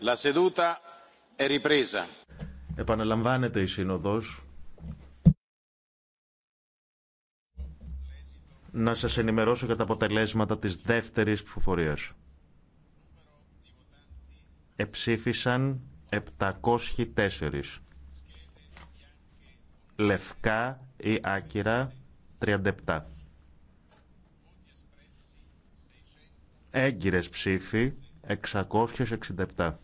La seduta è ripresa. Επαναλαμβάνεται η σύνοδος. Να σας ενημερώσω για τα αποτελέσματα της δεύτερης ψηφοφορίας. Εψήφισαν 704. Λευκά ή άκυρα 37. Έγκυρες ψήφοι 667.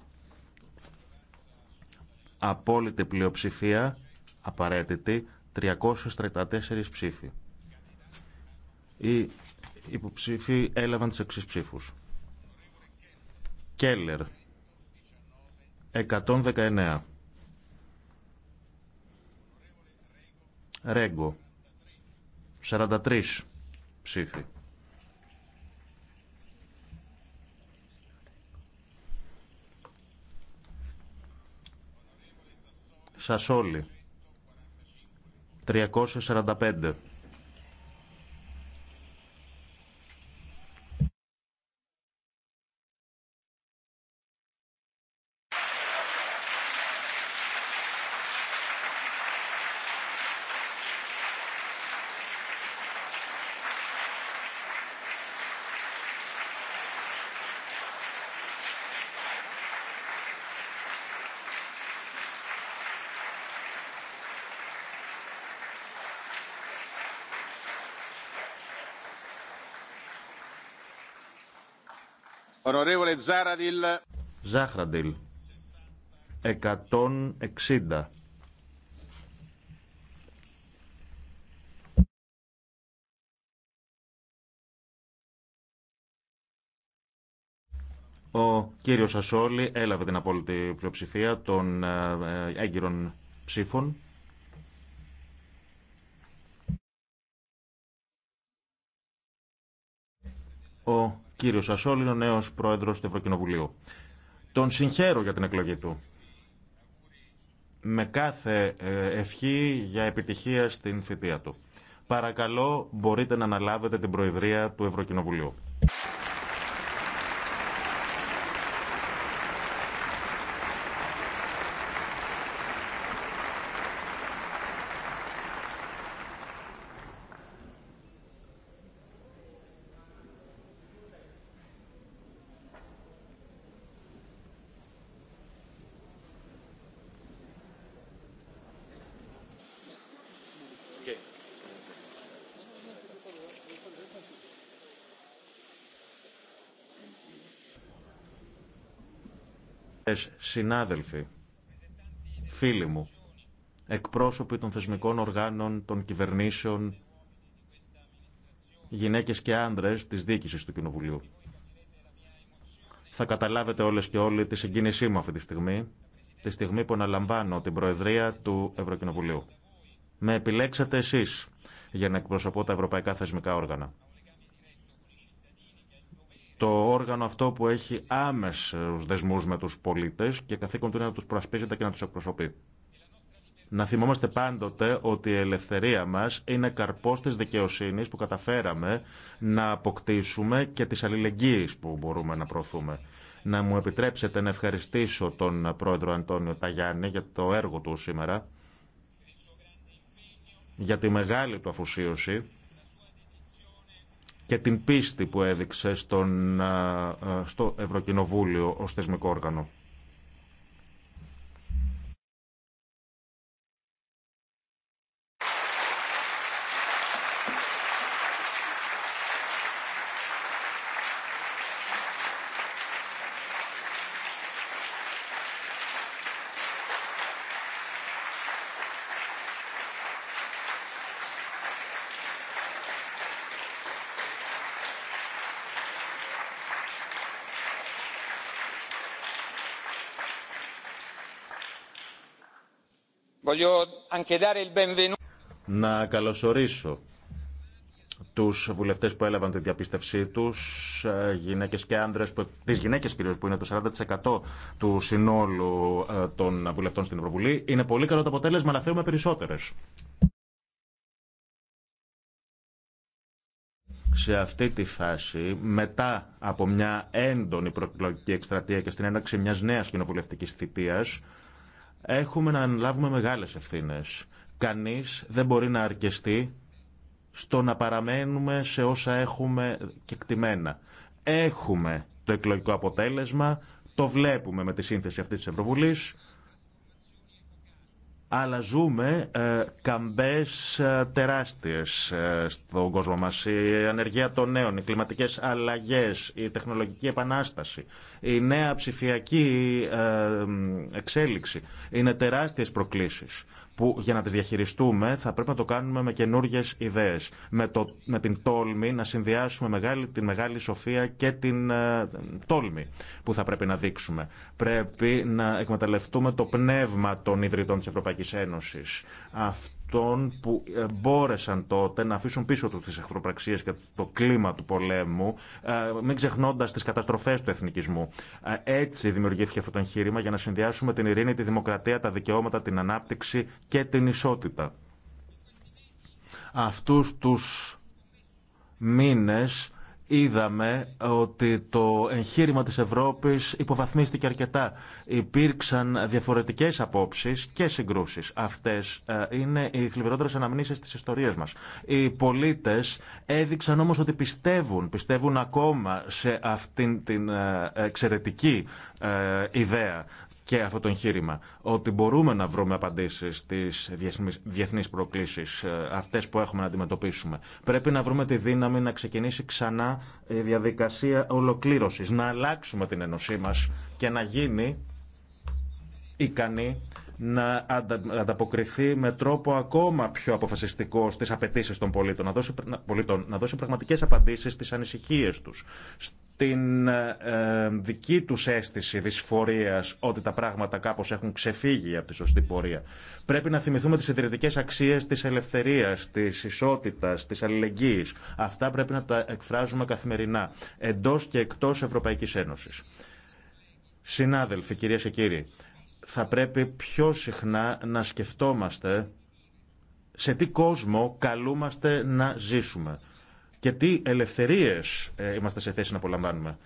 Απόλυτη πλειοψηφία, απαραίτητη, 334 ψήφοι. Οι υποψήφοι έλαβαν τις εξής ψήφους. Κέλλερ, 119. Ρέγκο, 43 ψήφοι. όλοι. 345. Ζάχραντιλ. 160. Ο κύριος Σασόλη έλαβε την απόλυτη πλειοψηφία των ε, ε, έγκυρων ψήφων. Ο κύριο Σασόλη είναι ο νέο πρόεδρο του Ευρωκοινοβουλίου. Τον συγχαίρω για την εκλογή του. Με κάθε ε, ευχή για επιτυχία στην θητεία του. Παρακαλώ, μπορείτε να αναλάβετε την Προεδρία του Ευρωκοινοβουλίου. συνάδελφοι, φίλοι μου, εκπρόσωποι των θεσμικών οργάνων, των κυβερνήσεων, γυναίκες και άνδρες της διοίκησης του Κοινοβουλίου. Θα καταλάβετε όλες και όλοι τη συγκίνησή μου αυτή τη στιγμή, τη στιγμή που αναλαμβάνω την Προεδρία του Ευρωκοινοβουλίου. Με επιλέξατε εσείς για να εκπροσωπώ τα ευρωπαϊκά θεσμικά όργανα το όργανο αυτό που έχει άμεσου δεσμούς με τους πολίτες και καθήκον του είναι να του προασπίζεται και να τους εκπροσωπεί. Να θυμόμαστε πάντοτε ότι η ελευθερία μας είναι καρπός της δικαιοσύνης που καταφέραμε να αποκτήσουμε και της αλληλεγγύης που μπορούμε να προωθούμε. Να μου επιτρέψετε να ευχαριστήσω τον πρόεδρο Αντώνιο Ταγιάννη για το έργο του σήμερα, για τη μεγάλη του αφοσίωση και την πίστη που έδειξε στον, ε, ε, στο Ευρωκοινοβούλιο ως θεσμικό όργανο. Να καλωσορίσω τους βουλευτές που έλαβαν τη διαπίστευσή τους, ε, γυναίκες και άντρες, τις γυναίκες κυρίως που είναι το 40% του συνόλου ε, των βουλευτών στην Ευρωβουλή. Είναι πολύ καλό το αποτέλεσμα, αλλά θέλουμε περισσότερες. σε αυτή τη φάση, μετά από μια έντονη προεκλογική εκστρατεία και στην έναρξη μιας νέας κοινοβουλευτικής θητείας, Έχουμε να αναλάβουμε μεγάλες ευθύνες. Κανείς δεν μπορεί να αρκεστεί στο να παραμένουμε σε όσα έχουμε κεκτημένα. Έχουμε το εκλογικό αποτέλεσμα, το βλέπουμε με τη σύνθεση αυτής της Ευρωβουλής, αλλά ζούμε ε, καμπές ε, τεράστιες ε, στον κόσμο μας. Η ανεργία των νέων, οι κλιματικές αλλαγές, η τεχνολογική επανάσταση, η νέα ψηφιακή ε, εξέλιξη είναι τεράστιες προκλήσεις που για να τις διαχειριστούμε θα πρέπει να το κάνουμε με καινούριε ιδέες, με, με την τόλμη να συνδυάσουμε μεγάλη, την μεγάλη σοφία και την ε, τόλμη που θα πρέπει να δείξουμε. Πρέπει να εκμεταλλευτούμε το πνεύμα των ιδρυτών της Ευρωπαϊκής Ένωσης αυτών που ε, μπόρεσαν τότε να αφήσουν πίσω τους τις εχθροπραξίες και το κλίμα του πολέμου, ε, μην ξεχνώντας τις καταστροφές του εθνικισμού. Ε, έτσι δημιουργήθηκε αυτό το εγχείρημα για να συνδυάσουμε την ειρήνη, τη δημοκρατία, τα δικαιώματα, την ανάπτυξη και την ισότητα. Αυτούς τους μήνες είδαμε ότι το εγχείρημα της Ευρώπης υποβαθμίστηκε αρκετά. Υπήρξαν διαφορετικές απόψεις και συγκρούσεις. Αυτές ε, είναι οι θλιβερότερες αναμνήσεις της ιστορίας μας. Οι πολίτες έδειξαν όμως ότι πιστεύουν, πιστεύουν ακόμα σε αυτήν την ε, εξαιρετική ε, ιδέα και αυτό το εγχείρημα. Ότι μπορούμε να βρούμε απαντήσει στι διεθνεί προκλήσει, ε, αυτέ που έχουμε να αντιμετωπίσουμε. Πρέπει να βρούμε τη δύναμη να ξεκινήσει ξανά η διαδικασία ολοκλήρωση, να αλλάξουμε την ενωσή μα και να γίνει ικανή να ανταποκριθεί με τρόπο ακόμα πιο αποφασιστικό στις απαιτήσεις των πολίτων, να δώσει, πολίτων, να δώσει πραγματικές απαντήσεις στις ανησυχίες τους, την ε, ε, δική τους αίσθηση δυσφορίας ότι τα πράγματα κάπως έχουν ξεφύγει από τη σωστή πορεία. Πρέπει να θυμηθούμε τις ιδρυτικέ αξίες της ελευθερίας, της ισότητας, της αλληλεγγύης. Αυτά πρέπει να τα εκφράζουμε καθημερινά, εντός και εκτός Ευρωπαϊκής Ένωσης. Συνάδελφοι, κυρίε και κύριοι, θα πρέπει πιο συχνά να σκεφτόμαστε σε τι κόσμο καλούμαστε να ζήσουμε και τι ελευθερίες ε, είμαστε σε θέση να απολαμβάνουμε.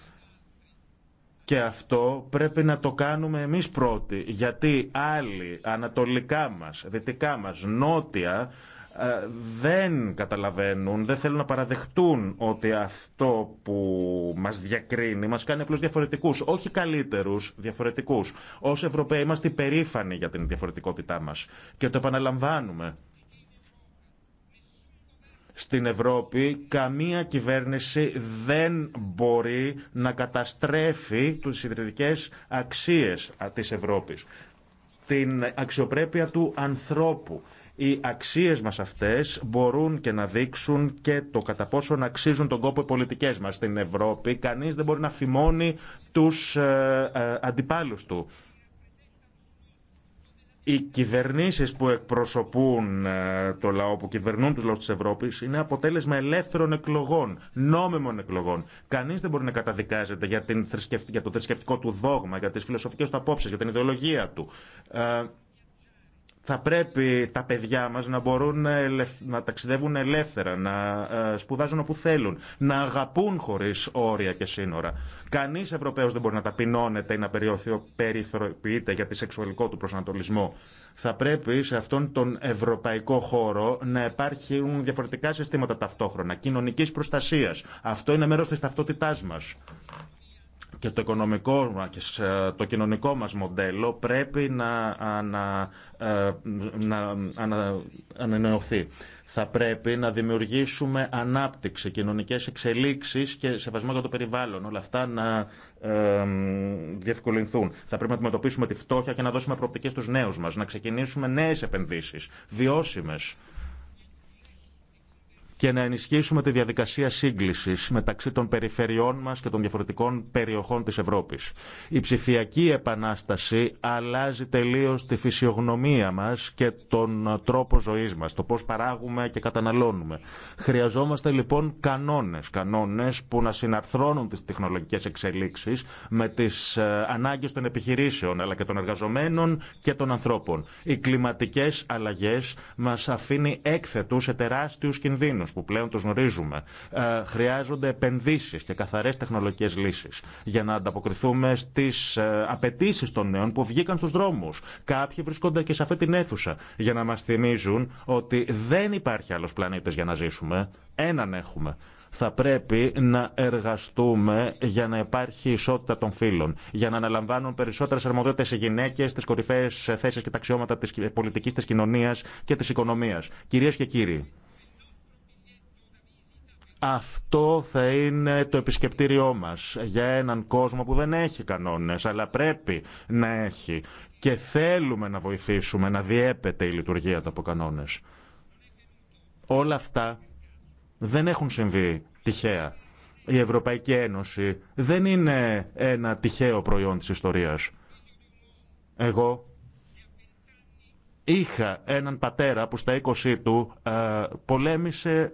Και αυτό πρέπει να το κάνουμε εμείς πρώτοι, γιατί άλλοι ανατολικά μας, δυτικά μας, νότια, ε, δεν καταλαβαίνουν, δεν θέλουν να παραδεχτούν ότι αυτό που μας διακρίνει μας κάνει απλώς διαφορετικούς, όχι καλύτερους, διαφορετικούς. Ως Ευρωπαίοι είμαστε υπερήφανοι για την διαφορετικότητά μας και το επαναλαμβάνουμε. Στην Ευρώπη καμία κυβέρνηση δεν μπορεί να καταστρέφει τις ιδρυτικές αξίες της Ευρώπης. Την αξιοπρέπεια του ανθρώπου. Οι αξίες μας αυτές μπορούν και να δείξουν και το κατά πόσο να αξίζουν τον κόπο οι πολιτικές μας στην Ευρώπη. Κανείς δεν μπορεί να φημώνει τους ε, ε, αντιπάλους του οι κυβερνήσεις που εκπροσωπούν ε, το λαό, που κυβερνούν τους λαούς της Ευρώπης, είναι αποτέλεσμα ελεύθερων εκλογών, νόμιμων εκλογών. Κανείς δεν μπορεί να καταδικάζεται για, την για το θρησκευτικό του δόγμα, για τις φιλοσοφικές του απόψεις, για την ιδεολογία του. Ε, θα πρέπει τα παιδιά μας να μπορούν να ταξιδεύουν ελεύθερα, να ε, σπουδάζουν όπου θέλουν, να αγαπούν χωρίς όρια και σύνορα. Κανείς Ευρωπαίος δεν μπορεί να ταπεινώνεται ή να περιθωριοποιείται για τη σεξουαλικό του προσανατολισμό. Θα πρέπει σε αυτόν τον ευρωπαϊκό χώρο να υπάρχουν διαφορετικά συστήματα ταυτόχρονα, κοινωνικής προστασίας. Αυτό είναι μέρος της ταυτότητάς μας και το οικονομικό και ε, το κοινωνικό μας μοντέλο πρέπει να, ε, να, να ανανεωθεί. Θα πρέπει να δημιουργήσουμε ανάπτυξη, κοινωνικές εξελίξεις και σεβασμό για το περιβάλλον. Όλα αυτά να ε, διευκολυνθούν. Θα πρέπει να αντιμετωπίσουμε τη φτώχεια και να δώσουμε προοπτικές στους νέους μας, να ξεκινήσουμε νέες επενδύσεις, βιώσιμες και να ενισχύσουμε τη διαδικασία σύγκληση μεταξύ των περιφερειών μα και των διαφορετικών περιοχών τη Ευρώπη. Η ψηφιακή επανάσταση αλλάζει τελείω τη φυσιογνωμία μα και τον τρόπο ζωή μα, το πώ παράγουμε και καταναλώνουμε. Χρειαζόμαστε λοιπόν κανόνε, κανόνε που να συναρθρώνουν τι τεχνολογικέ εξελίξει με τι ε, ανάγκε των επιχειρήσεων αλλά και των εργαζομένων και των ανθρώπων. Οι κλιματικέ αλλαγέ μα αφήνει έκθετου σε τεράστιου κινδύνου που πλέον του γνωρίζουμε, ε, χρειάζονται επενδύσει και καθαρέ τεχνολογικέ λύσει για να ανταποκριθούμε στι ε, απαιτήσει των νέων που βγήκαν στου δρόμου. Κάποιοι βρίσκονται και σε αυτή την αίθουσα για να μα θυμίζουν ότι δεν υπάρχει άλλο πλανήτη για να ζήσουμε. Έναν έχουμε θα πρέπει να εργαστούμε για να υπάρχει ισότητα των φύλων, για να αναλαμβάνουν περισσότερε αρμοδιότητε οι γυναίκε στι κορυφαίε θέσει και τα αξιώματα τη πολιτική, τη κοινωνία και τη οικονομία. Κυρίε και κύριοι, αυτό θα είναι το επισκεπτήριό μας για έναν κόσμο που δεν έχει κανόνες, αλλά πρέπει να έχει. Και θέλουμε να βοηθήσουμε να διέπεται η λειτουργία του από κανόνες. Όλα αυτά δεν έχουν συμβεί τυχαία. Η Ευρωπαϊκή Ένωση δεν είναι ένα τυχαίο προϊόν της ιστορίας. Εγώ είχα έναν πατέρα που στα 20 του ε, πολέμησε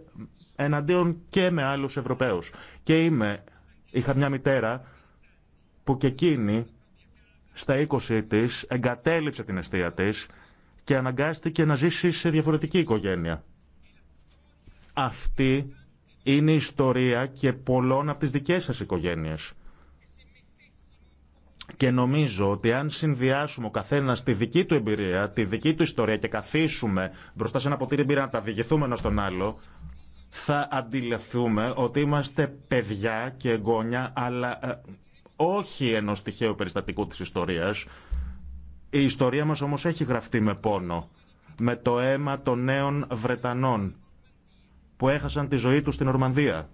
εναντίον και με άλλους Ευρωπαίους. Και είμαι, είχα μια μητέρα που και εκείνη στα 20 της εγκατέλειψε την αιστεία τη και αναγκάστηκε να ζήσει σε διαφορετική οικογένεια. Αυτή είναι η ιστορία και πολλών από τις δικές σας οικογένειες. Και νομίζω ότι αν συνδυάσουμε ο καθένα τη δική του εμπειρία, τη δική του ιστορία και καθίσουμε μπροστά σε ένα ποτήρι εμπειρία να τα διηγηθούμε ένα στον άλλο, θα αντιληφθούμε ότι είμαστε παιδιά και εγγόνια, αλλά ε, όχι ενός τυχαίου περιστατικού της ιστορίας. Η ιστορία μας όμως έχει γραφτεί με πόνο, με το αίμα των νέων Βρετανών που έχασαν τη ζωή τους στην Ορμανδία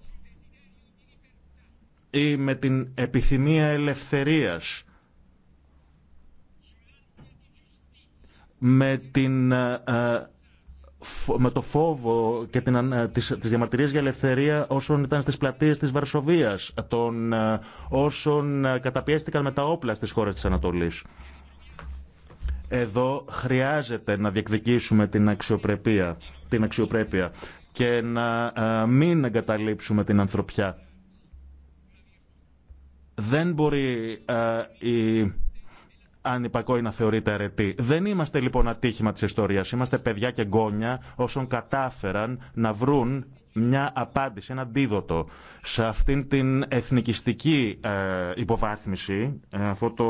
ή με την επιθυμία ελευθερίας με την ε, ε, με το φόβο και την, τις, τις διαμαρτυρίες για ελευθερία όσων ήταν στις πλατείες της Βαρσοβίας, των ε, όσων ε, καταπιέστηκαν με τα όπλα στις χώρες της Ανατολής. Εδώ χρειάζεται να διεκδικήσουμε την αξιοπρέπεια, την αξιοπρέπεια και να ε, μην εγκαταλείψουμε την ανθρωπιά. Δεν μπορεί η αν υπακόει να θεωρείται αρετή. Δεν είμαστε λοιπόν ατύχημα της ιστορίας. Είμαστε παιδιά και γκόνια όσων κατάφεραν να βρουν μια απάντηση, ένα αντίδοτο σε αυτήν την εθνικιστική ε, υποβάθμιση, ε, αυτό το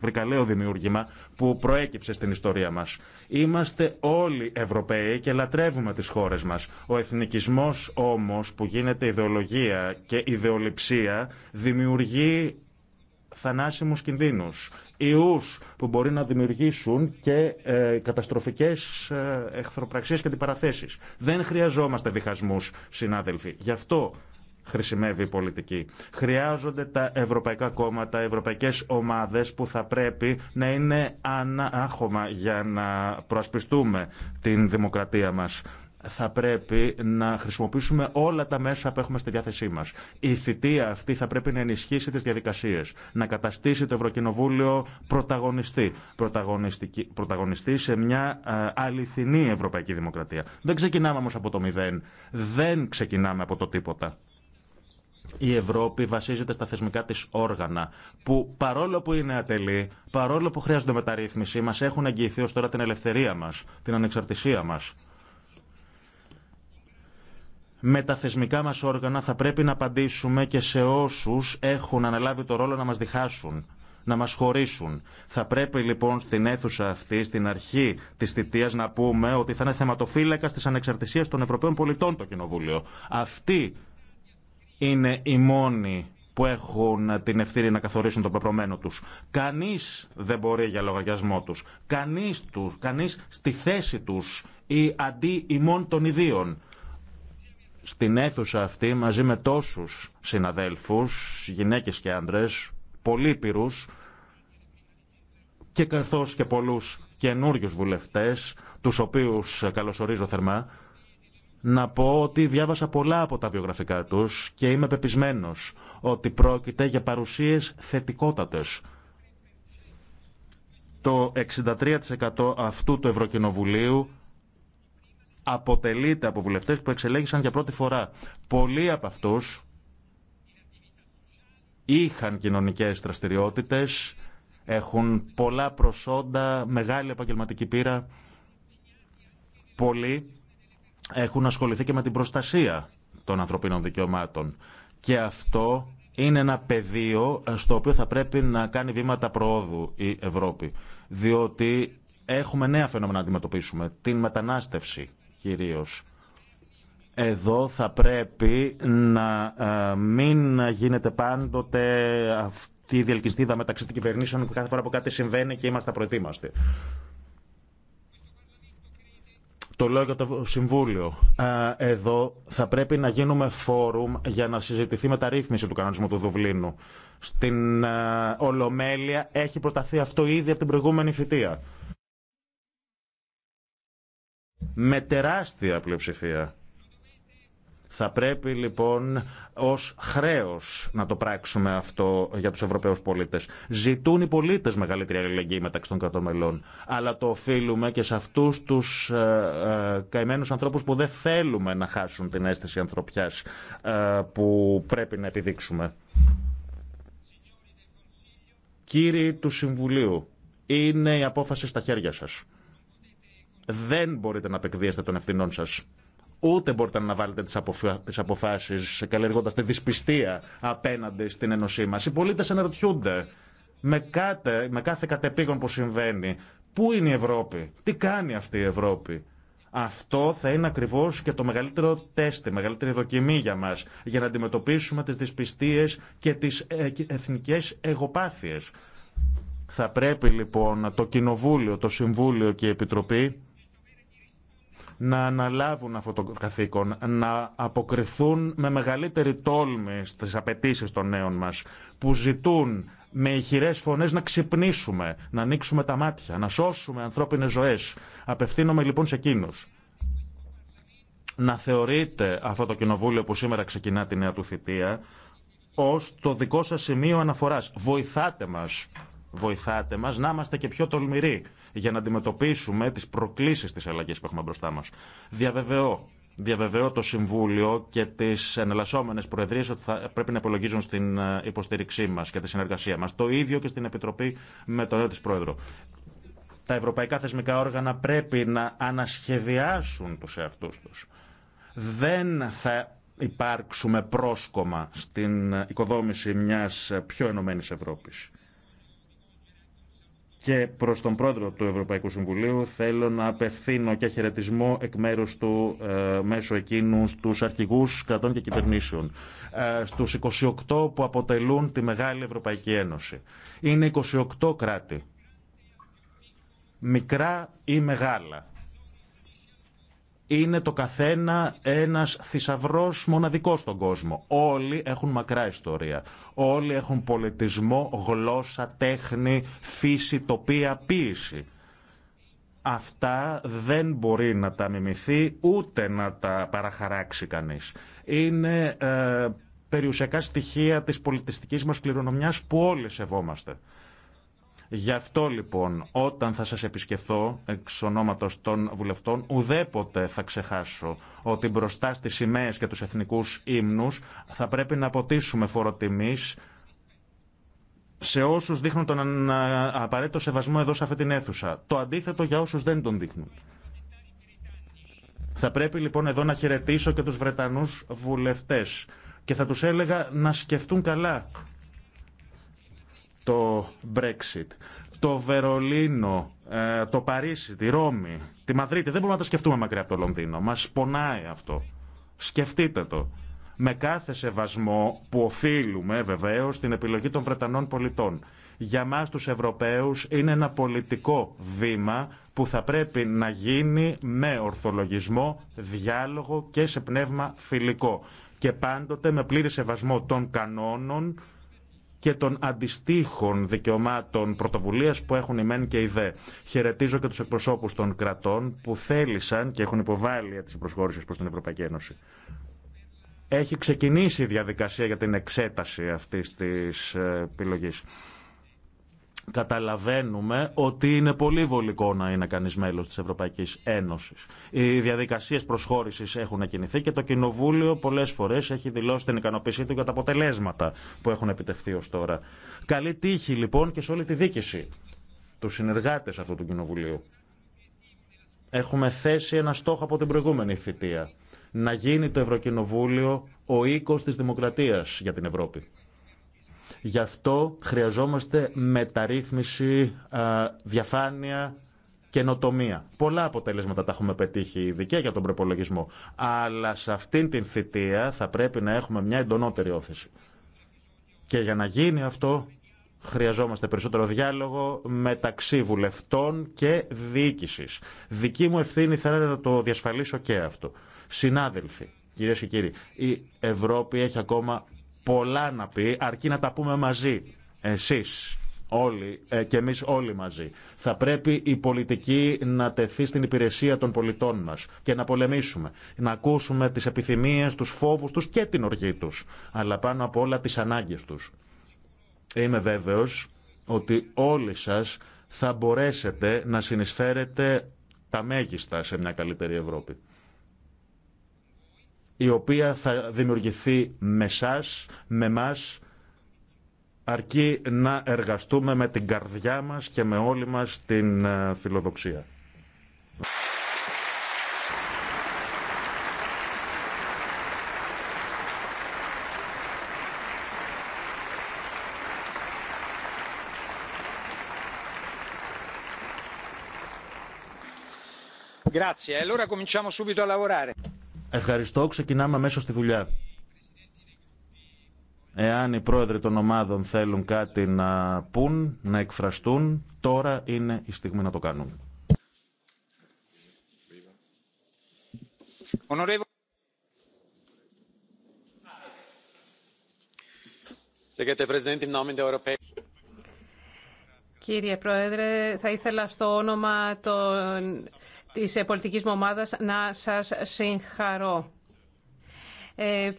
βρικαλαίο δημιούργημα που προέκυψε στην ιστορία μας. Είμαστε όλοι Ευρωπαίοι και λατρεύουμε τις χώρες μας. Ο εθνικισμός όμως που γίνεται ιδεολογία και ιδεολειψία δημιουργεί θανάσιμους κινδύνους, ιούς που μπορεί να δημιουργήσουν και ε, καταστροφικές ε, εχθροπραξίες και αντιπαραθέσεις. Δεν χρειαζόμαστε διχασμούς, συνάδελφοι. Γι' αυτό χρησιμεύει η πολιτική. Χρειάζονται τα ευρωπαϊκά κόμματα, ευρωπαϊκές ομάδες που θα πρέπει να είναι ανάχωμα για να προασπιστούμε την δημοκρατία μας θα πρέπει να χρησιμοποιήσουμε όλα τα μέσα που έχουμε στη διάθεσή μα. Η θητεία αυτή θα πρέπει να ενισχύσει τι διαδικασίε, να καταστήσει το Ευρωκοινοβούλιο πρωταγωνιστή. Πρωταγωνιστή σε μια ε, αληθινή ευρωπαϊκή δημοκρατία. Δεν ξεκινάμε όμω από το μηδέν. Δεν ξεκινάμε από το τίποτα. Η Ευρώπη βασίζεται στα θεσμικά της όργανα, που παρόλο που είναι ατελή, παρόλο που χρειάζονται μεταρρύθμιση, μας έχουν εγγυηθεί ως τώρα την ελευθερία μας, την ανεξαρτησία μας με τα θεσμικά μας όργανα θα πρέπει να απαντήσουμε και σε όσους έχουν αναλάβει το ρόλο να μας διχάσουν, να μας χωρίσουν. Θα πρέπει λοιπόν στην αίθουσα αυτή, στην αρχή της θητείας να πούμε ότι θα είναι θεματοφύλακα στις ανεξαρτησίες των Ευρωπαίων πολιτών το Κοινοβούλιο. Αυτοί είναι οι μόνοι που έχουν την ευθύνη να καθορίσουν το πεπρωμένο τους. Κανείς δεν μπορεί για λογαριασμό τους. Κανείς, τους, κανείς στη θέση τους ή αντί ημών των ιδίων στην αίθουσα αυτή μαζί με τόσους συναδέλφους, γυναίκες και άντρες, πολύ πυρούς, και καθώς και πολλούς καινούριου βουλευτές, τους οποίους καλωσορίζω θερμά, να πω ότι διάβασα πολλά από τα βιογραφικά τους και είμαι πεπισμένος ότι πρόκειται για παρουσίες θετικότατες. Το 63% αυτού του Ευρωκοινοβουλίου αποτελείται από βουλευτές που εξελέγησαν για πρώτη φορά. Πολλοί από αυτούς είχαν κοινωνικές δραστηριότητε, έχουν πολλά προσόντα, μεγάλη επαγγελματική πείρα. Πολλοί έχουν ασχοληθεί και με την προστασία των ανθρωπίνων δικαιωμάτων. Και αυτό είναι ένα πεδίο στο οποίο θα πρέπει να κάνει βήματα προόδου η Ευρώπη. Διότι έχουμε νέα φαινόμενα να αντιμετωπίσουμε. Την μετανάστευση, κυρίως. Εδώ θα πρέπει να ε, μην γίνεται πάντοτε αυτή η διελκυστίδα μεταξύ των κυβερνήσεων που κάθε φορά που κάτι συμβαίνει και είμαστε προετοίμαστοι. Το λέω για το Συμβούλιο. Ε, εδώ θα πρέπει να γίνουμε φόρουμ για να συζητηθεί μεταρρύθμιση του κανονισμού του Δουβλίνου. Στην ε, Ολομέλεια έχει προταθεί αυτό ήδη από την προηγούμενη θητεία με τεράστια πλειοψηφία. Θα πρέπει λοιπόν ως χρέος να το πράξουμε αυτό για τους Ευρωπαίους πολίτες. Ζητούν οι πολίτες μεγαλύτερη αλληλεγγύη μεταξύ των κρατών μελών. Αλλά το οφείλουμε και σε αυτούς τους ε, ε, καημένους ανθρώπους που δεν θέλουμε να χάσουν την αίσθηση ανθρωπιάς ε, που πρέπει να επιδείξουμε. Κύριοι του Συμβουλίου, είναι η απόφαση στα χέρια σας δεν μπορείτε να απεκδίεστε των ευθυνών σα. Ούτε μπορείτε να βάλετε τι αποφα... τις αποφάσεις τη δυσπιστία απέναντι στην ενωσή μα. Οι πολίτε αναρωτιούνται με, με κάθε κατεπήγον που συμβαίνει πού είναι η Ευρώπη, τι κάνει αυτή η Ευρώπη. Αυτό θα είναι ακριβώ και το μεγαλύτερο τεστ, η μεγαλύτερη δοκιμή για μα, για να αντιμετωπίσουμε τι δυσπιστίε και τι ε, εθνικέ εγωπάθειε. Θα πρέπει λοιπόν το Κοινοβούλιο, το Συμβούλιο και η Επιτροπή να αναλάβουν αυτό το καθήκον, να αποκριθούν με μεγαλύτερη τόλμη στις απαιτήσει των νέων μας, που ζητούν με ηχηρέ φωνέ να ξυπνήσουμε, να ανοίξουμε τα μάτια, να σώσουμε ανθρώπινε ζωές. Απευθύνομαι λοιπόν σε εκείνου. Να θεωρείτε αυτό το κοινοβούλιο που σήμερα ξεκινά τη νέα του θητεία ω το δικό σα σημείο αναφορά. Βοηθάτε μας Βοηθάτε μας να είμαστε και πιο τολμηροί για να αντιμετωπίσουμε τι προκλήσει τη αλλαγή που έχουμε μπροστά μα. Διαβεβαιώ Διαβεβαιώ το Συμβούλιο και τι εναλλασσόμενε προεδρίε ότι θα πρέπει να υπολογίζουν στην ε, υποστήριξή μα και τη συνεργασία μα. Το ίδιο και στην Επιτροπή με τον νέο τη Πρόεδρο. Τα ευρωπαϊκά θεσμικά όργανα πρέπει να ανασχεδιάσουν του εαυτού του. Δεν θα υπάρξουμε πρόσκομα στην ε, οικοδόμηση μιας ε, πιο ενωμένης Ευρώπης. Και προς τον πρόεδρο του Ευρωπαϊκού Συμβουλίου θέλω να απευθύνω και χαιρετισμό εκ μέρου του ε, μέσω εκείνου στου αρχηγού κρατών και κυβερνήσεων. Ε, στους 28 που αποτελούν τη Μεγάλη Ευρωπαϊκή Ένωση. Είναι 28 κράτη. Μικρά ή μεγάλα είναι το καθένα ένας θησαυρό μοναδικός στον κόσμο. Όλοι έχουν μακρά ιστορία. Όλοι έχουν πολιτισμό, γλώσσα, τέχνη, φύση, τοπία, ποίηση. Αυτά δεν μπορεί να τα μιμηθεί ούτε να τα παραχαράξει κανείς. Είναι ε, περιουσιακά στοιχεία της πολιτιστικής μας κληρονομιάς που όλοι σεβόμαστε. Γι' αυτό λοιπόν όταν θα σας επισκεφθώ εξ ονόματος των βουλευτών ουδέποτε θα ξεχάσω ότι μπροστά στις σημαίες και τους εθνικούς ύμνους θα πρέπει να αποτίσουμε φοροτιμής σε όσους δείχνουν τον απαραίτητο σεβασμό εδώ σε αυτή την αίθουσα. Το αντίθετο για όσους δεν τον δείχνουν. Θα πρέπει λοιπόν εδώ να χαιρετήσω και τους Βρετανούς βουλευτές και θα τους έλεγα να σκεφτούν καλά το Brexit, το Βερολίνο, ε, το Παρίσι, τη Ρώμη, τη Μαδρίτη. Δεν μπορούμε να τα σκεφτούμε μακριά από το Λονδίνο. Μας πονάει αυτό. Σκεφτείτε το. Με κάθε σεβασμό που οφείλουμε βεβαίω στην επιλογή των Βρετανών πολιτών. Για μας τους Ευρωπαίους είναι ένα πολιτικό βήμα που θα πρέπει να γίνει με ορθολογισμό, διάλογο και σε πνεύμα φιλικό. Και πάντοτε με πλήρη σεβασμό των κανόνων και των αντιστοίχων δικαιωμάτων πρωτοβουλία που έχουν η ΜΕΝ και η ΔΕ. Χαιρετίζω και του εκπροσώπου των κρατών που θέλησαν και έχουν υποβάλει τι προσχώρησει προ την Ευρωπαϊκή Ένωση. Έχει ξεκινήσει η διαδικασία για την εξέταση αυτή τη ε, επιλογή. Καταλαβαίνουμε ότι είναι πολύ βολικό να είναι κανεί μέλο τη Ευρωπαϊκή Ένωση. Οι διαδικασίε προσχώρηση έχουν κινηθεί και το Κοινοβούλιο πολλέ φορέ έχει δηλώσει την ικανοποίησή του για τα αποτελέσματα που έχουν επιτευχθεί ω τώρα. Καλή τύχη λοιπόν και σε όλη τη δίκηση του συνεργάτε αυτού του Κοινοβουλίου. Έχουμε θέσει ένα στόχο από την προηγούμενη θητεία. Να γίνει το Ευρωκοινοβούλιο ο οίκος της δημοκρατίας για την Ευρώπη. Γι' αυτό χρειαζόμαστε μεταρρύθμιση, ε, διαφάνεια, καινοτομία. Πολλά αποτελέσματα τα έχουμε πετύχει ήδη και για τον προπολογισμό. Αλλά σε αυτήν την θητεία θα πρέπει να έχουμε μια εντονότερη όθηση. Και για να γίνει αυτό χρειαζόμαστε περισσότερο διάλογο μεταξύ βουλευτών και διοίκηση. Δική μου ευθύνη θα είναι να το διασφαλίσω και αυτό. Συνάδελφοι, κυρίε και κύριοι, η Ευρώπη έχει ακόμα πολλά να πει, αρκεί να τα πούμε μαζί. Εσείς όλοι ε, και εμείς όλοι μαζί. Θα πρέπει η πολιτική να τεθεί στην υπηρεσία των πολιτών μας και να πολεμήσουμε, να ακούσουμε τις επιθυμίες, τους φόβους τους και την οργή τους, αλλά πάνω από όλα τις ανάγκες τους. Είμαι βέβαιος ότι όλοι σας θα μπορέσετε να συνεισφέρετε τα μέγιστα σε μια καλύτερη Ευρώπη η οποία θα δημιουργηθεί με εσά, με εμά, αρκεί να εργαστούμε με την καρδιά μας και με όλη μας την ε, φιλοδοξία. Grazie, allora cominciamo subito a lavorare. Ευχαριστώ. Ξεκινάμε αμέσω στη δουλειά. Εάν οι πρόεδροι των ομάδων θέλουν κάτι να πούν, να εκφραστούν, τώρα είναι η στιγμή να το κάνουν. Κύριε Πρόεδρε, θα ήθελα στο όνομα των της ε, πολιτικής μου ομάδας να σας συγχαρώ. Ε,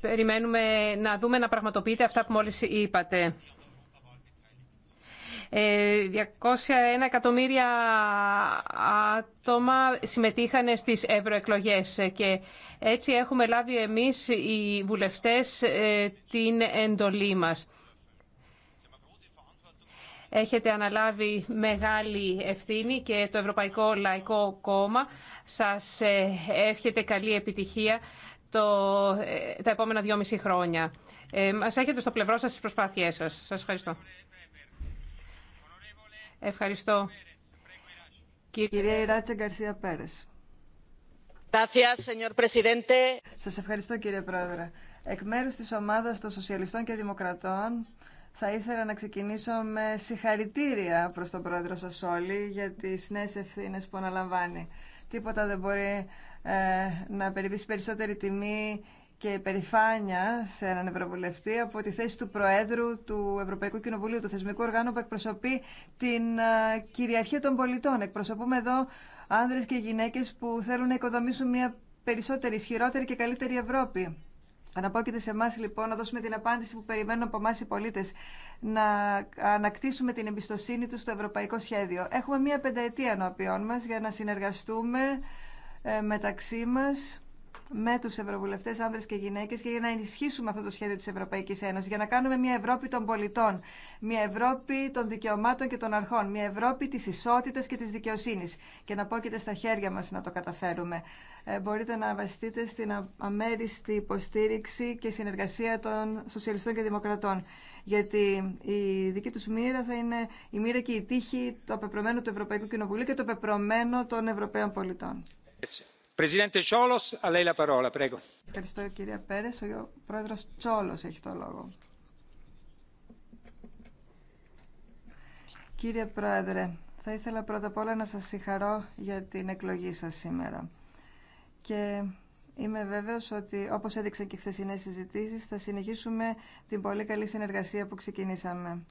περιμένουμε να δούμε να πραγματοποιείτε αυτά που μόλις είπατε. 201 ε, εκατομμύρια άτομα συμμετείχαν στις ευρωεκλογές και έτσι έχουμε λάβει εμείς οι βουλευτές την εντολή μας. Έχετε αναλάβει μεγάλη ευθύνη και το Ευρωπαϊκό Λαϊκό Κόμμα σας ε, εύχεται καλή επιτυχία το, ε, τα επόμενα δυόμιση χρόνια. Ε, μας έχετε στο πλευρό σας τις προσπάθειές σας. Σας ευχαριστώ. Ευχαριστώ. Κυρία Ιράτσα Γκαρσία Πέρες. Σας ευχαριστώ κύριε Πρόεδρε. Εκ μέρους της ομάδας των Σοσιαλιστών και Δημοκρατών θα ήθελα να ξεκινήσω με συγχαρητήρια προς τον πρόεδρο σας όλοι για τις νέες ευθύνες που αναλαμβάνει. Τίποτα δεν μπορεί ε, να περιπίσει περισσότερη τιμή και περηφάνεια σε έναν Ευρωβουλευτή από τη θέση του Προέδρου του Ευρωπαϊκού Κοινοβουλίου, του θεσμικού οργάνου που εκπροσωπεί την ε, κυριαρχία των πολιτών. Εκπροσωπούμε εδώ άνδρες και γυναίκες που θέλουν να οικοδομήσουν μια περισσότερη, ισχυρότερη και καλύτερη Ευρώπη. Αναπόκειται σε εμά λοιπόν να δώσουμε την απάντηση που περιμένουν από εμά οι πολίτε. Να ανακτήσουμε την εμπιστοσύνη του στο ευρωπαϊκό σχέδιο. Έχουμε μία πενταετία ενώπιον μα για να συνεργαστούμε ε, μεταξύ μας με του Ευρωβουλευτέ, άνδρε και γυναίκε, και για να ενισχύσουμε αυτό το σχέδιο τη Ευρωπαϊκή Ένωση, για να κάνουμε μια Ευρώπη των πολιτών, μια Ευρώπη των δικαιωμάτων και των αρχών, μια Ευρώπη τη ισότητα και τη δικαιοσύνη. Και να πόκεται στα χέρια μα να το καταφέρουμε. Ε, μπορείτε να βασιστείτε στην αμέριστη υποστήριξη και συνεργασία των Σοσιαλιστών και Δημοκρατών. Γιατί η δική του μοίρα θα είναι η μοίρα και η τύχη το πεπρωμένο του Ευρωπαϊκού Κοινοβουλίου και το πεπρωμένο των Ευρωπαίων πολιτών. Ευχαριστώ κύριε Πέρες. Ο πρόεδρος Τσόλος έχει το λόγο. Κύριε Πρόεδρε, θα ήθελα πρώτα απ' όλα να σας συγχαρώ για την εκλογή σας σήμερα. Και είμαι βέβαιος ότι όπως έδειξαν και χθεσινές συζητήσεις θα συνεχίσουμε την πολύ καλή συνεργασία που ξεκινήσαμε.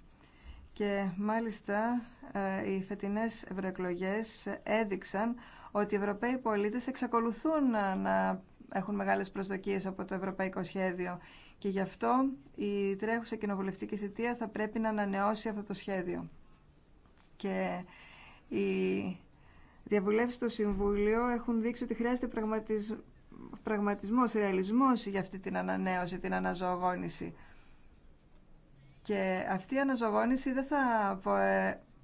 Και μάλιστα ε, οι φετινές ευρωεκλογέ έδειξαν ότι οι Ευρωπαίοι πολίτες εξακολουθούν να έχουν μεγάλες προσδοκίες από το ευρωπαϊκό σχέδιο και γι' αυτό η τρέχουσα κοινοβουλευτική θητεία θα πρέπει να ανανεώσει αυτό το σχέδιο. Και οι διαβουλεύσεις στο Συμβούλιο έχουν δείξει ότι χρειάζεται πραγματισ... πραγματισμός, ρεαλισμός για αυτή την ανανέωση, την αναζωογόνηση. Και αυτή η αναζωογόνηση δεν θα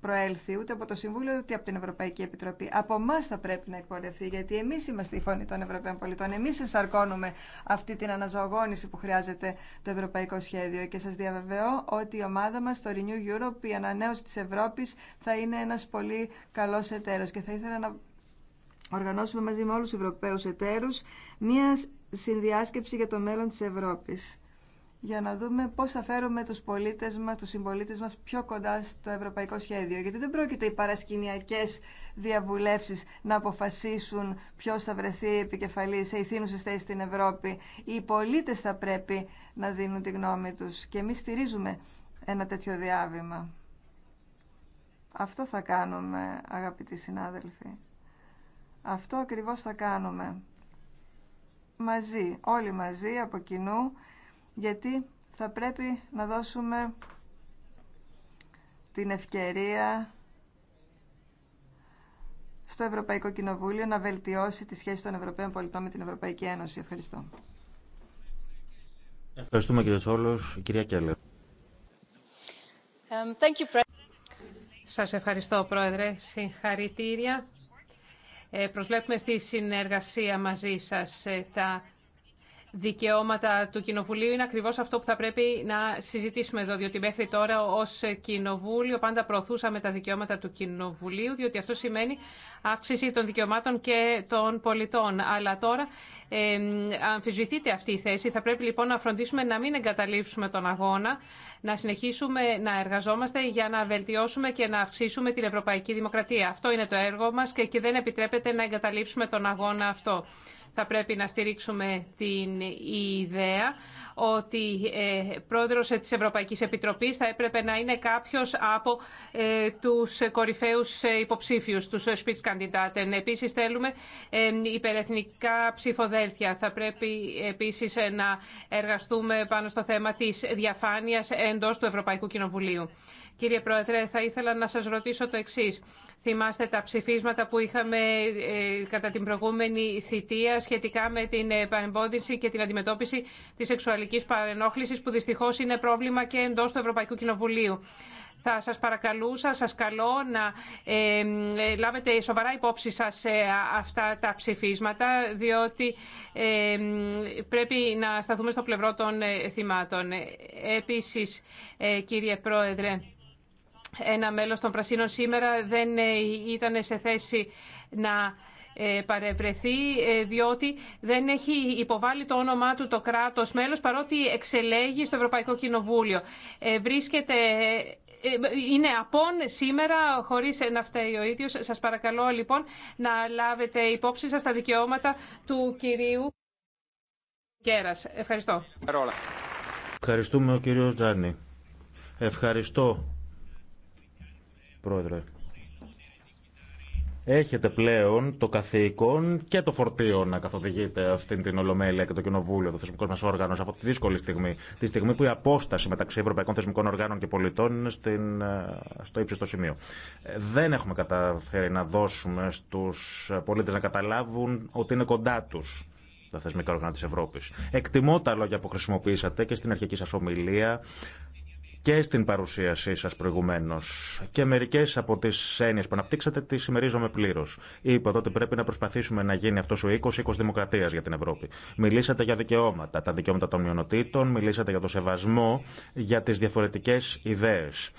προέλθει ούτε από το Συμβούλιο ούτε από την Ευρωπαϊκή Επιτροπή. Από εμά θα πρέπει να εκπορευτεί, γιατί εμεί είμαστε η φωνή των Ευρωπαίων πολιτών. Εμεί ενσαρκώνουμε αυτή την αναζωογόνηση που χρειάζεται το ευρωπαϊκό σχέδιο. Και σα διαβεβαιώ ότι η ομάδα μα, το Renew Europe, η ανανέωση τη Ευρώπη, θα είναι ένα πολύ καλό εταίρο. Και θα ήθελα να οργανώσουμε μαζί με όλου του Ευρωπαίου εταίρου μια συνδιάσκεψη για το μέλλον τη Ευρώπη για να δούμε πώς θα φέρουμε τους πολίτες μας, τους συμπολίτες μας πιο κοντά στο ευρωπαϊκό σχέδιο. Γιατί δεν πρόκειται οι παρασκηνιακές διαβουλεύσεις να αποφασίσουν ποιος θα βρεθεί επικεφαλής σε ηθήνουσες θέσεις στην Ευρώπη. Οι πολίτες θα πρέπει να δίνουν τη γνώμη τους και εμείς στηρίζουμε ένα τέτοιο διάβημα. Αυτό θα κάνουμε, αγαπητοί συνάδελφοι. Αυτό ακριβώς θα κάνουμε. Μαζί, όλοι μαζί, από κοινού, γιατί θα πρέπει να δώσουμε την ευκαιρία στο Ευρωπαϊκό Κοινοβούλιο να βελτιώσει τη σχέση των Ευρωπαίων πολιτών με την Ευρωπαϊκή Ένωση. Ευχαριστώ. Ευχαριστούμε κύριε Σόλος. Κυρία Κέλλερ. Um, σας ευχαριστώ Πρόεδρε. Συγχαρητήρια. Ε, προσβλέπουμε στη συνεργασία μαζί σας. Ε, τα δικαιώματα του Κοινοβουλίου είναι ακριβώς αυτό που θα πρέπει να συζητήσουμε εδώ, διότι μέχρι τώρα ως Κοινοβούλιο πάντα προωθούσαμε τα δικαιώματα του Κοινοβουλίου, διότι αυτό σημαίνει αύξηση των δικαιωμάτων και των πολιτών. Αλλά τώρα ε, αμφισβητείται αυτή η θέση. Θα πρέπει λοιπόν να φροντίσουμε να μην εγκαταλείψουμε τον αγώνα, να συνεχίσουμε να εργαζόμαστε για να βελτιώσουμε και να αυξήσουμε την ευρωπαϊκή δημοκρατία. Αυτό είναι το έργο μας και, και δεν επιτρέπεται να εγκαταλείψουμε τον αγώνα αυτό θα πρέπει να στηρίξουμε την ιδέα ότι ε, πρόεδρος της Ευρωπαϊκής Επιτροπής θα έπρεπε να είναι κάποιος από ε, τους κορυφαίους υποψήφιους, τους Spitzkandidaten. Επίσης θέλουμε ε, υπερεθνικά ψηφοδέλτια. Θα πρέπει επίσης να εργαστούμε πάνω στο θέμα της διαφάνειας εντός του Ευρωπαϊκού Κοινοβουλίου. Κύριε Πρόεδρε, θα ήθελα να σας ρωτήσω το εξής. Θυμάστε τα ψηφίσματα που είχαμε ε, κατά την προηγούμενη θητεία σχετικά με την επανεμπόδιση και την αντιμετώπιση της σεξουαλικής παρενόχλησης που δυστυχώς είναι πρόβλημα και εντός του Ευρωπαϊκού Κοινοβουλίου. Θα σας παρακαλούσα, σας καλώ να ε, ε λάβετε σοβαρά υπόψη σας σε αυτά τα ψηφίσματα, διότι ε, πρέπει να σταθούμε στο πλευρό των θυμάτων. Επίσης, κύριε Πρόεδρε, ένα μέλος των Πρασίνων σήμερα δεν ε, ήταν σε θέση να ε, παρευρεθεί ε, διότι δεν έχει υποβάλει το όνομά του το κράτος μέλος παρότι εξελέγει στο Ευρωπαϊκό Κοινοβούλιο. Βρίσκεται είναι απόν σήμερα χωρίς να φταίει ο ίδιος. Σας παρακαλώ λοιπόν να λάβετε υπόψη σας τα δικαιώματα του κυρίου Κέρας. Ευχαριστώ. Ευχαριστούμε ο κύριος Ευχαριστώ Πρόεδρε. Έχετε πλέον το καθήκον και το φορτίο να καθοδηγείτε αυτήν την Ολομέλεια και το Κοινοβούλιο, το θεσμικό μα όργανο, από τη δύσκολη στιγμή. Τη στιγμή που η απόσταση μεταξύ Ευρωπαϊκών Θεσμικών Οργάνων και Πολιτών είναι στην, ε, στο ύψιστο σημείο. Ε, δεν έχουμε καταφέρει να δώσουμε στου πολίτε να καταλάβουν ότι είναι κοντά του τα θεσμικά όργανα τη Ευρώπη. Εκτιμώ τα λόγια που χρησιμοποίησατε και στην αρχική σα ομιλία και στην παρουσίασή σα προηγουμένω. και μερικέ από τις έννοιε που αναπτύξατε τι συμμερίζομαι πλήρως. Είπατε ότι πρέπει να προσπαθήσουμε να γίνει αυτό ο οίκο οίκο δημοκρατίας για την Ευρώπη. Μιλήσατε για δικαιώματα, τα δικαιώματα των μειονοτήτων, μιλήσατε για το σεβασμό, για τις διαφορετικές ιδέες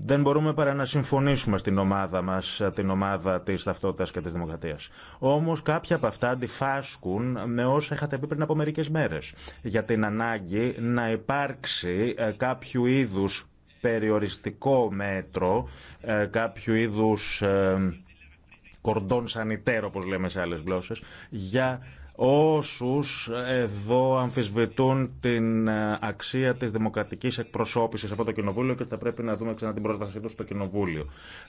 δεν μπορούμε παρά να συμφωνήσουμε στην ομάδα μας, την ομάδα της ταυτότητας και της δημοκρατίας. Όμως κάποια από αυτά αντιφάσκουν με όσα είχατε πει πριν από μερικές μέρες για την ανάγκη να υπάρξει ε, κάποιο είδους περιοριστικό μέτρο, ε, κάποιο είδους ε, κορδόν σανιτέρ, όπως λέμε σε άλλες γλώσσες, για όσους εδώ αμφισβητούν την ε, αξία της δημοκρατικής εκπροσώπησης σε αυτό το κοινοβούλιο και θα πρέπει να δούμε ξανά την πρόσβασή του στο κοινοβούλιο.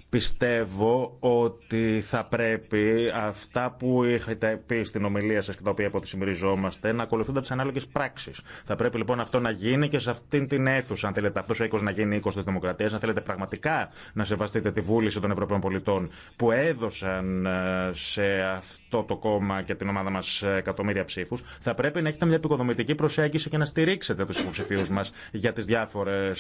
Πιστεύω ότι θα πρέπει αυτά που είχατε πει στην ομιλία σας και τα οποία συμμεριζόμαστε να ακολουθούνται τις ανάλογες πράξεις. Θα πρέπει λοιπόν αυτό να γίνει και σε αυτήν την αίθουσα, αν θέλετε αυτός ο οίκος να γίνει οίκος της δημοκρατίας, αν θέλετε πραγματικά να σεβαστείτε τη βούληση των Ευρωπαίων πολιτών που έδωσαν ε, σε αυτό το κόμμα και την ομάδα μας ε, εκατομμύρια ψήφου, θα πρέπει να έχετε μια επικοδομητική προσέγγιση και να στηρίξετε του υποψηφίου μα για τι διάφορε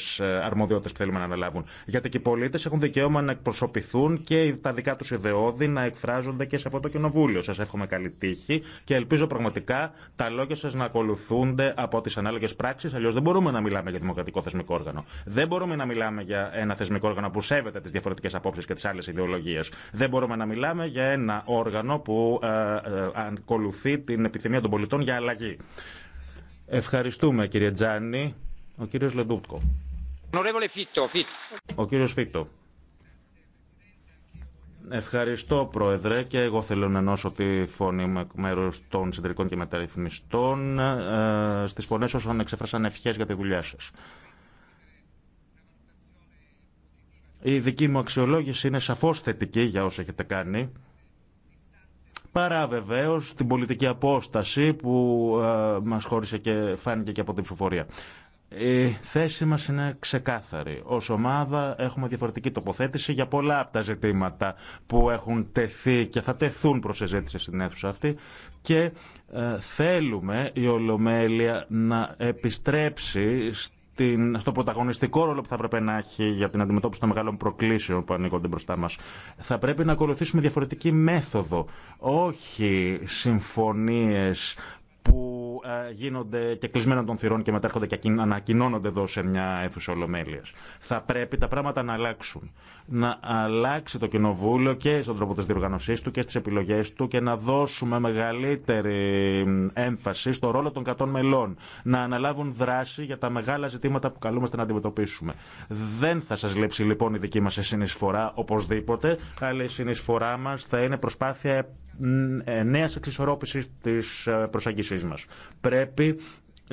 αρμοδιότητε που θέλουμε να αναλάβουν. Γιατί και οι πολίτε έχουν δικαίωμα να εκπροσωπηθούν και τα δικά του ιδεώδη να εκφράζονται και σε αυτό το κοινοβούλιο. Σα εύχομαι καλή τύχη και ελπίζω πραγματικά τα λόγια σα να ακολουθούνται από τι ανάλογε πράξει. Αλλιώ δεν μπορούμε να μιλάμε για δημοκρατικό θεσμικό όργανο. Δεν μπορούμε να μιλάμε για ένα θεσμικό όργανο που σέβεται τι διαφορετικέ απόψει και τι άλλε ιδεολογίε. Δεν μπορούμε να μιλάμε για ένα όργανο που ε, ε, ακολουθεί την επιθυμία των πολιτών για αλλαγή. Ευχαριστούμε κύριε Τζάνι. Ο κύριος Λεντούπτκο. Ο κύριος Φίτο. Ευχαριστώ, Πρόεδρε, και εγώ θέλω να ενώσω τη φωνή μου εκ των συντηρικών και μεταρρυθμιστών ε, στι φωνέ όσων εξέφρασαν ευχές για τη δουλειά σας. Η δική μου αξιολόγηση είναι σαφώς θετική για όσα έχετε κάνει Παρά βεβαίω την πολιτική απόσταση που ε, μας χώρισε και φάνηκε και από την ψηφοφορία. Η θέση μας είναι ξεκάθαρη. Ως ομάδα έχουμε διαφορετική τοποθέτηση για πολλά από τα ζητήματα που έχουν τεθεί και θα τεθούν προς συζήτηση στην αίθουσα αυτή και ε, θέλουμε η Ολομέλεια να επιστρέψει στην, στο πρωταγωνιστικό ρόλο που θα πρέπει να έχει για την αντιμετώπιση των μεγάλων προκλήσεων που ανήκονται μπροστά μα. Θα πρέπει να ακολουθήσουμε διαφορετική μέθοδο. Όχι συμφωνίε που ε, γίνονται και κλεισμένα των θυρών και μετά έρχονται και ανακοινώνονται εδώ σε μια αίθουσα ολομέλεια. Θα πρέπει τα πράγματα να αλλάξουν. Να αλλάξει το κοινοβούλιο και στον τρόπο τη διοργανωσή του και στι επιλογέ του και να δώσουμε μεγαλύτερη έμφαση στο ρόλο των κρατών μελών. Να αναλάβουν δράση για τα μεγάλα ζητήματα που καλούμαστε να αντιμετωπίσουμε. Δεν θα σα λείψει λοιπόν η δική μα συνεισφορά οπωσδήποτε, αλλά η συνεισφορά μα θα είναι προσπάθεια ε, νέα εξισορρόπηση τη ε, προσέγγιση μας. Πρέπει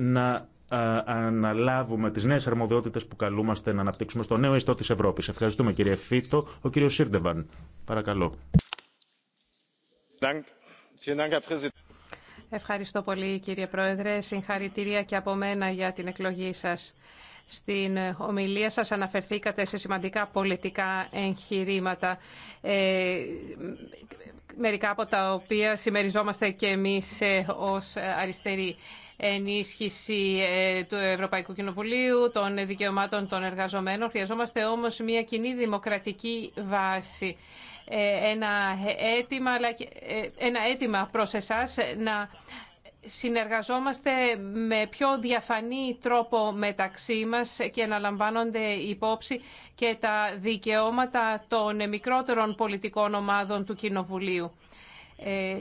να ε, αναλάβουμε τις νέε αρμοδιότητες που καλούμαστε να αναπτύξουμε στο νέο ιστό της Ευρώπης. Ευχαριστούμε κύριε Φίτο. Ο κύριος Σίρντεβαν. Παρακαλώ. Ευχαριστώ πολύ κύριε Πρόεδρε. Συγχαρητήρια και από μένα για την εκλογή σας. Στην ε, ομιλία σας αναφερθήκατε σε σημαντικά πολιτικά εγχειρήματα, ε, μερικά από τα οποία συμμεριζόμαστε και εμείς ε, ως αριστερή ενίσχυση του Ευρωπαϊκού Κοινοβουλίου, των δικαιωμάτων των εργαζομένων. Χρειαζόμαστε όμως μια κοινή δημοκρατική βάση. Ένα αίτημα, ένα αίτημα προς εσάς να συνεργαζόμαστε με πιο διαφανή τρόπο μεταξύ μας και να λαμβάνονται υπόψη και τα δικαιώματα των μικρότερων πολιτικών ομάδων του Κοινοβουλίου. Ε,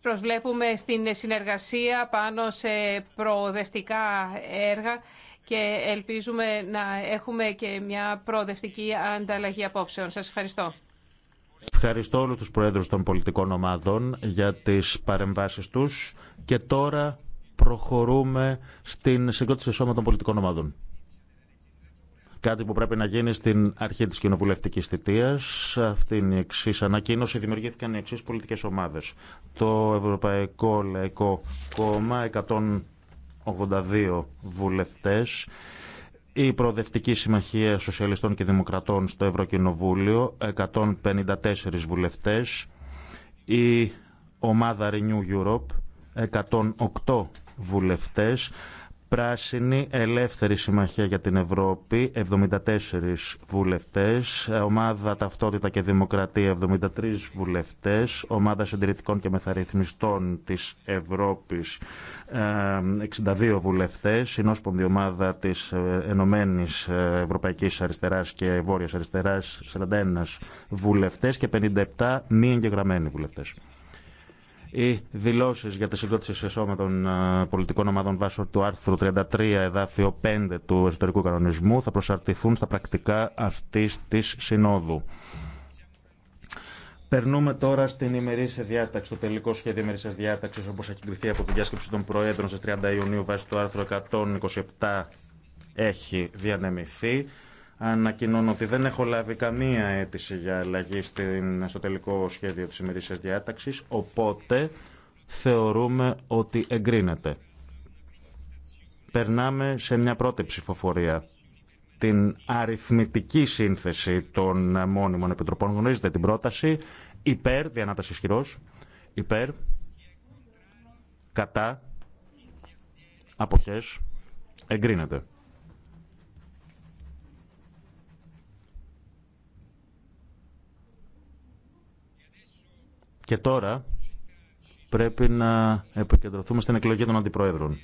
προσβλέπουμε στην συνεργασία πάνω σε προοδευτικά έργα και ελπίζουμε να έχουμε και μια προοδευτική ανταλλαγή απόψεων. Σας ευχαριστώ. Ευχαριστώ όλους τους Προέδρους των πολιτικών ομάδων για τις παρεμβάσεις τους και τώρα προχωρούμε στην συγκρότηση σώμα των πολιτικών ομάδων. Κάτι που πρέπει να γίνει στην αρχή της κοινοβουλευτικής θητείας. Αυτή είναι η εξή ανακοίνωση. Δημιουργήθηκαν οι εξή πολιτικές ομάδες. Το Ευρωπαϊκό Λαϊκό Κόμμα, 182 βουλευτές η Προοδευτική Συμμαχία Σοσιαλιστών και Δημοκρατών στο Ευρωκοινοβούλιο, 154 βουλευτές, η ομάδα Renew Europe, 108 βουλευτές, Πράσινη Ελεύθερη Συμμαχία για την Ευρώπη, 74 βουλευτές. Ομάδα Ταυτότητα και Δημοκρατία, 73 βουλευτές. Ομάδα Συντηρητικών και Μεθαρρυθμιστών της Ευρώπης, 62 ε, βουλευτές. Συνόσπονδη Ομάδα της ε, Ενωμένης ε, Ευρωπαϊκής Αριστεράς και Βόρειας Αριστεράς, 41 βουλευτές και 57 μη εγγεγραμμένοι βουλευτές. Οι δηλώσει για τη συγκρότηση σε σώμα των ε, πολιτικών ομάδων βάσω του άρθρου 33, εδάφιο 5 του εσωτερικού κανονισμού θα προσαρτηθούν στα πρακτικά αυτή τη συνόδου. Περνούμε τώρα στην ημερήσια διάταξη, το τελικό σχέδιο ημερήσια διάταξη όπω έχει κρυφθεί από τη διάσκεψη των Προέδρων στι 30 Ιουνίου βάσει του άρθρου 127 έχει διανεμηθεί. Ανακοινώνω ότι δεν έχω λάβει καμία αίτηση για αλλαγή στην, στο τελικό σχέδιο της ημερήσιας διάταξης, οπότε θεωρούμε ότι εγκρίνεται. Περνάμε σε μια πρώτη ψηφοφορία. Την αριθμητική σύνθεση των μόνιμων επιτροπών γνωρίζετε την πρόταση. Υπέρ, διανάταση ισχυρό, υπέρ, κατά, αποχές, εγκρίνεται. Και τώρα πρέπει να επικεντρωθούμε στην εκλογή των αντιπροέδρων.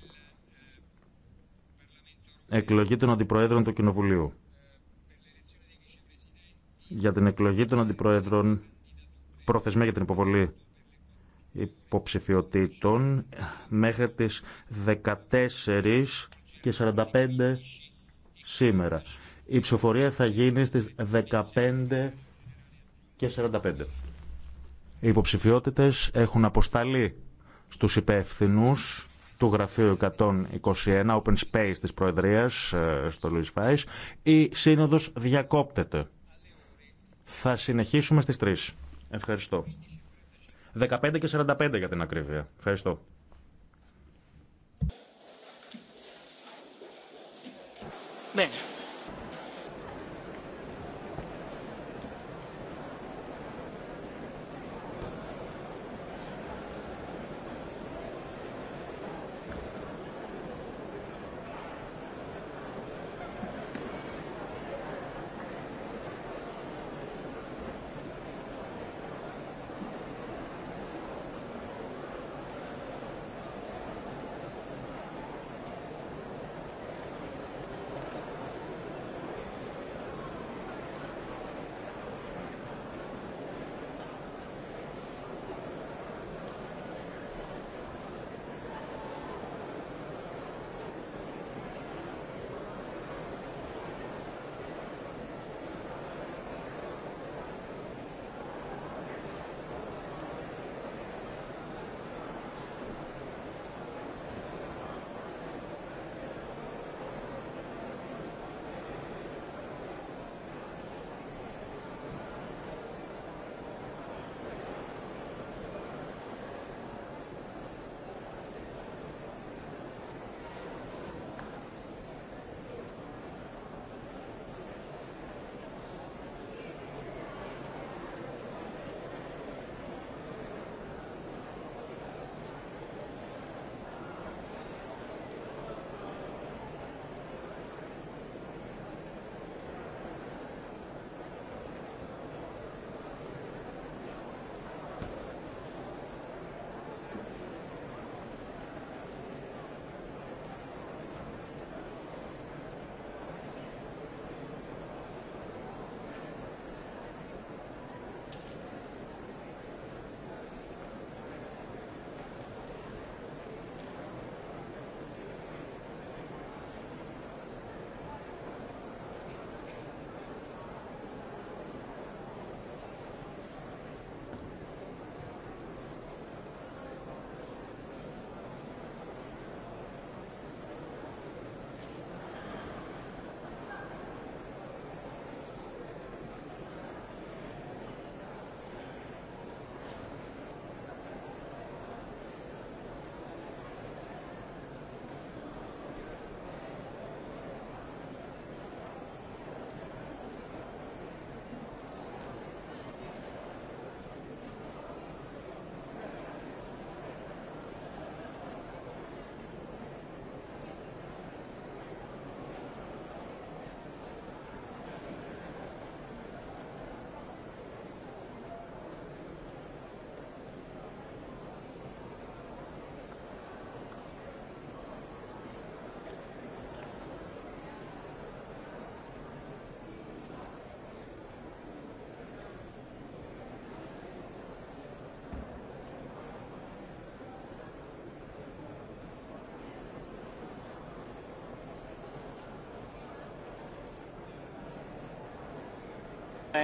Εκλογή των αντιπροέδρων του Κοινοβουλίου. Για την εκλογή των αντιπροέδρων, προθεσμία για την υποβολή υποψηφιωτήτων μέχρι τις 14 και 45 σήμερα. Η ψηφοφορία θα γίνει στις 15 και 45. Οι υποψηφιότητες έχουν αποσταλεί στους υπεύθυνους του γραφείου 121 Open Space της Προεδρίας ε, στο Louis Φάις. Η σύνοδος διακόπτεται. Θα συνεχίσουμε στις 3. Ευχαριστώ. 15 και 45 για την ακρίβεια. Ευχαριστώ. Ναι.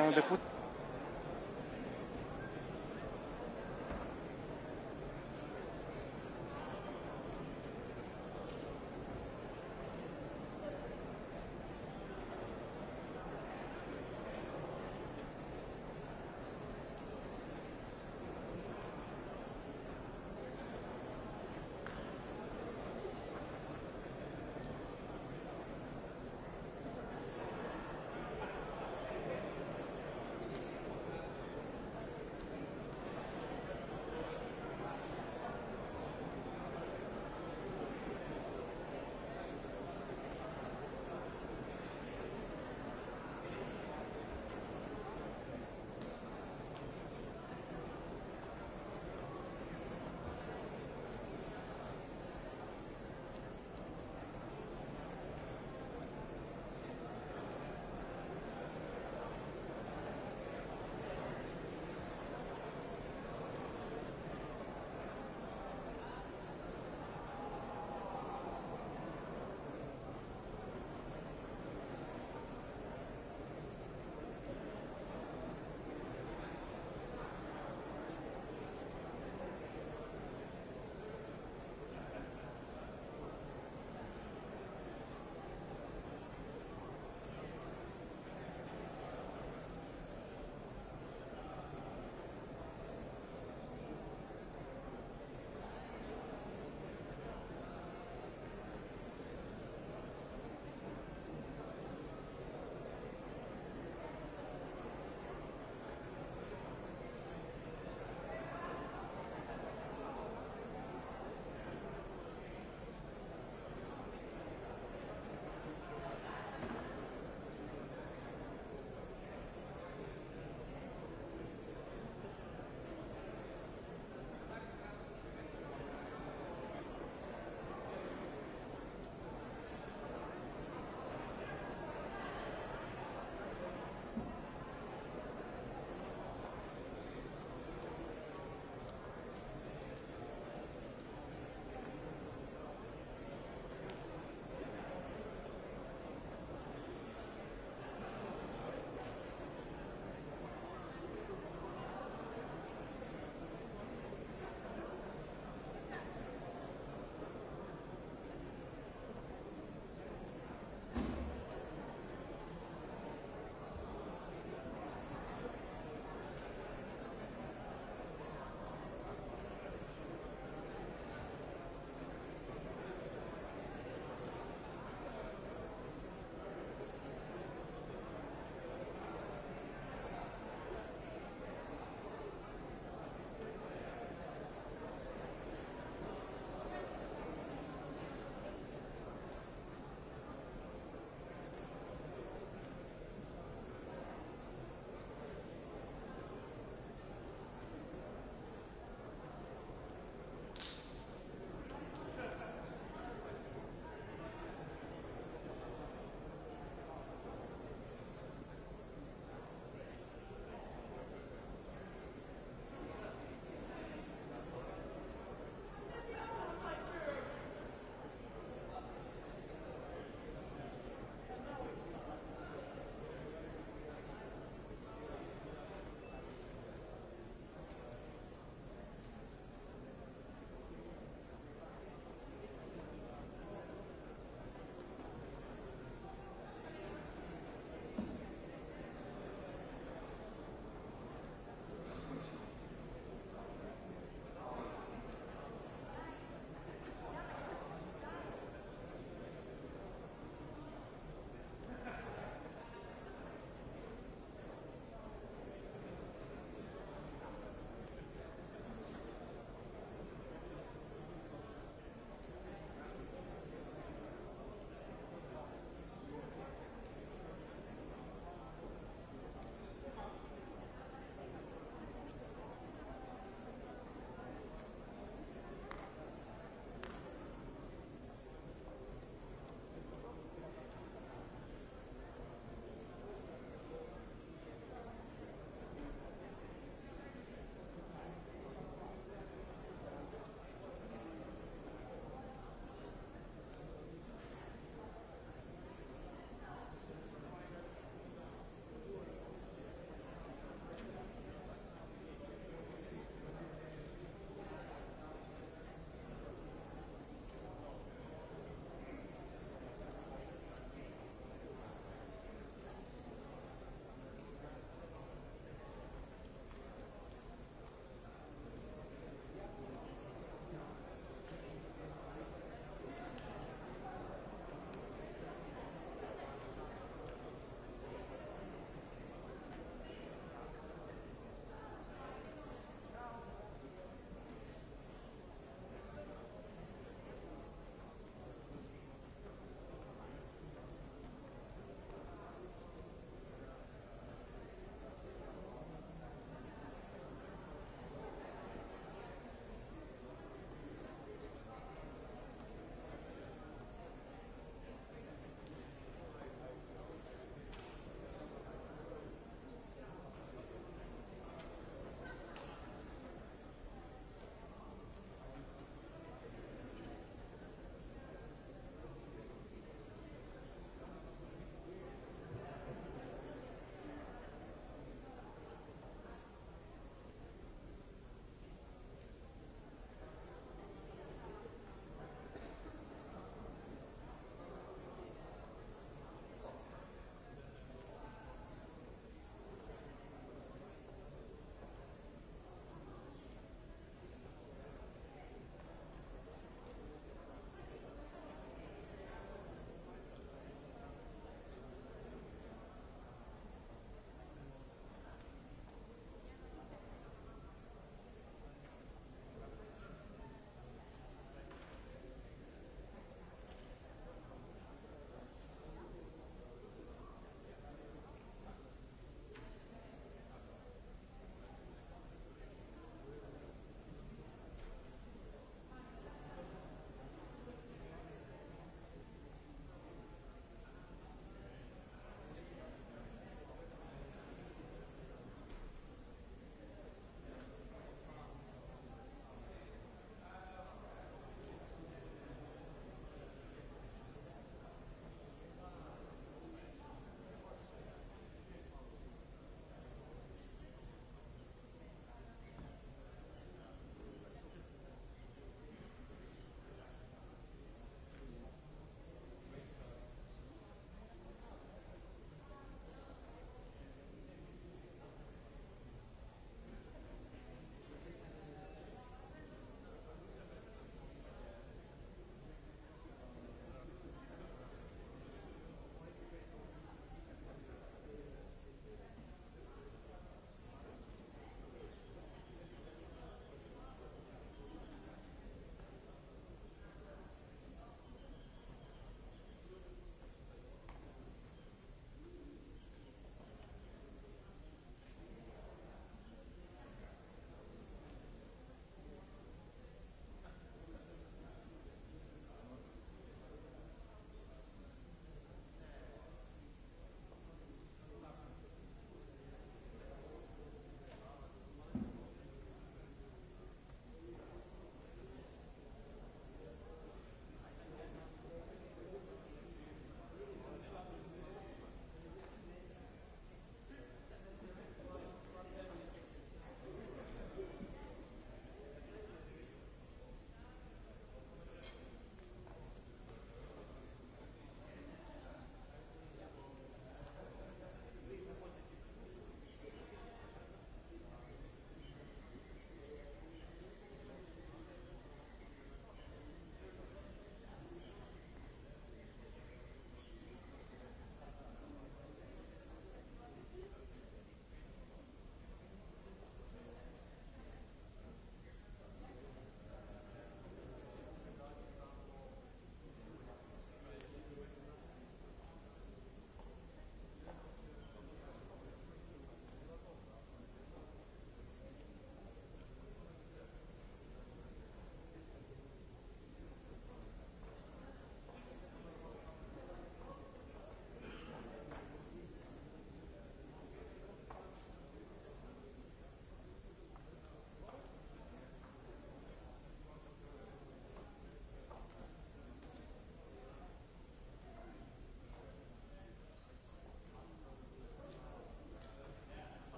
ούτε